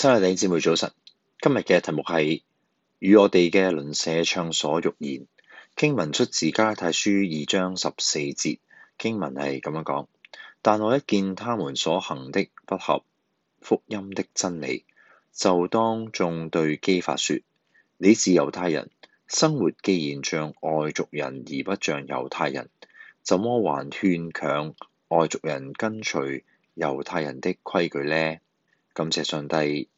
親愛嘅姊妹早晨，今日嘅題目係與我哋嘅鄰舍暢所欲言。經文出自加拉太書二章十四節，經文係咁樣講：但我一見他們所行的不合福音的真理，就當眾對磯法說：你是猶太人，生活既然像外族人而不像猶太人，怎麼還勉強外族人跟隨猶太人的規矩呢？感謝上帝。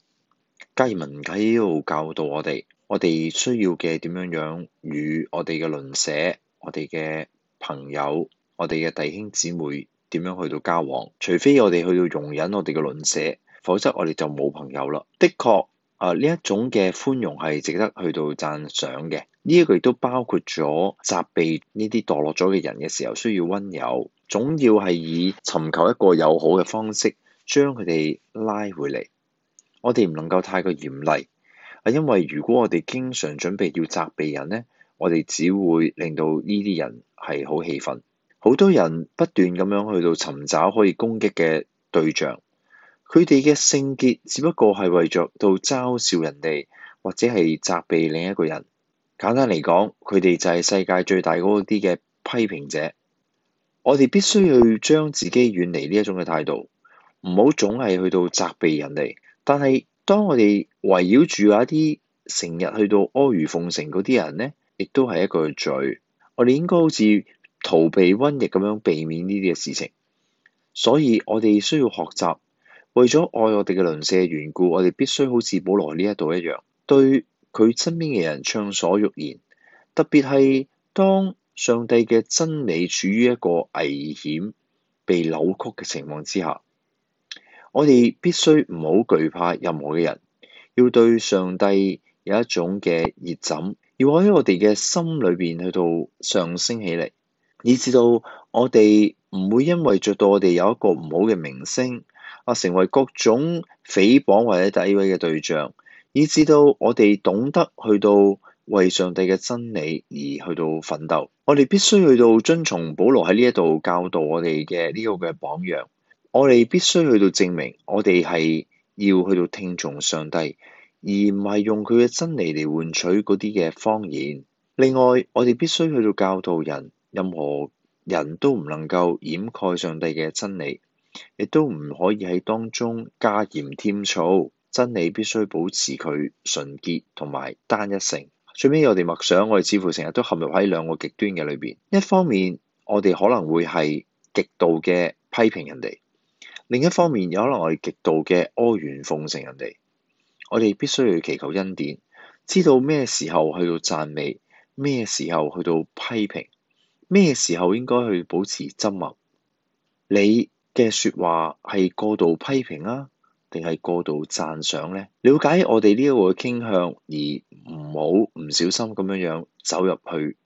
雞文喺呢度教導我哋，我哋需要嘅點樣樣與我哋嘅鄰舍、我哋嘅朋友、我哋嘅弟兄姊妹點樣去到交往？除非我哋去到容忍我哋嘅鄰舍，否則我哋就冇朋友啦。的確，啊呢一種嘅寬容係值得去到讚賞嘅。呢一個亦都包括咗責備呢啲墮落咗嘅人嘅時候需要温柔，總要係以尋求一個友好嘅方式將佢哋拉回嚟。我哋唔能夠太過嚴厲，係因為如果我哋經常準備要責備人呢，我哋只會令到呢啲人係好氣憤。好多人不斷咁樣去到尋找可以攻擊嘅對象，佢哋嘅性結只不過係為著到嘲笑人哋或者係責備另一個人。簡單嚟講，佢哋就係世界最大嗰啲嘅批評者。我哋必須要將自己遠離呢一種嘅態度，唔好總係去到責備人哋。但係，當我哋圍繞住一啲成日去到阿諛奉承嗰啲人呢，亦都係一個罪。我哋應該好似逃避瘟疫咁樣避免呢啲嘅事情。所以，我哋需要學習，為咗愛我哋嘅鄰舍嘅緣故，我哋必須好似保羅呢一度一樣，對佢身邊嘅人暢所欲言。特別係當上帝嘅真理處於一個危險、被扭曲嘅情況之下。我哋必須唔好懼怕任何嘅人，要對上帝有一種嘅熱忱，要喺我哋嘅心裏邊去到上升起嚟，以至到我哋唔會因為着到我哋有一個唔好嘅名聲，啊成為各種誹謗或者詆毀嘅對象，以至到我哋懂得去到為上帝嘅真理而去到奮鬥。我哋必須去到遵從保羅喺呢一度教導我哋嘅呢個嘅榜樣。我哋必須去到證明，我哋係要去到聽從上帝，而唔係用佢嘅真理嚟換取嗰啲嘅謊言。另外，我哋必須去到教導人，任何人都唔能夠掩蓋上帝嘅真理，亦都唔可以喺當中加鹽添醋。真理必須保持佢純潔同埋單一性。最尾，我哋默想，我哋似乎成日都陷入喺兩個極端嘅裏邊。一方面，我哋可能會係極度嘅批評人哋。另一方面，有可能我哋極度嘅阿願奉承人哋，我哋必須要祈求恩典，知道咩時候去到讚美，咩時候去到批評，咩時候應該去保持緘默。你嘅説話係過度批評啊，定係過度讚賞呢？了解我哋呢一個傾向，而唔好唔小心咁樣樣走入去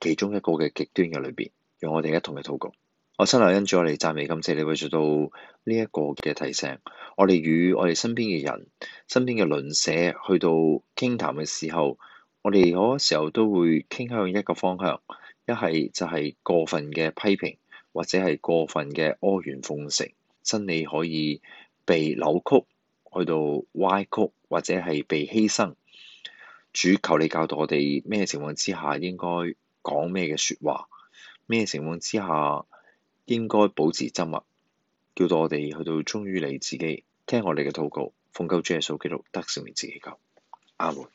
其中一個嘅極端嘅裏邊，讓我哋一同嘅禱告。我親愛因住我哋讚美感謝你，會做到呢一個嘅提醒。我哋與我哋身邊嘅人，身邊嘅鄰舍去到傾談嘅時候，我哋好多時候都會傾向一個方向，一係就係過分嘅批評，或者係過分嘅阿諛奉承，真理可以被扭曲，去到歪曲，或者係被犧牲。主求你教導我哋咩情況之下應該講咩嘅說話，咩情況之下，應該保持沉默，叫到我哋去到忠於你自己，聽我哋嘅禱告，奉救主耶穌基督得勝連自己救，阿門。